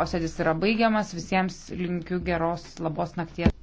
posėdis yra baigiamas visiems linkiu geros labos nakties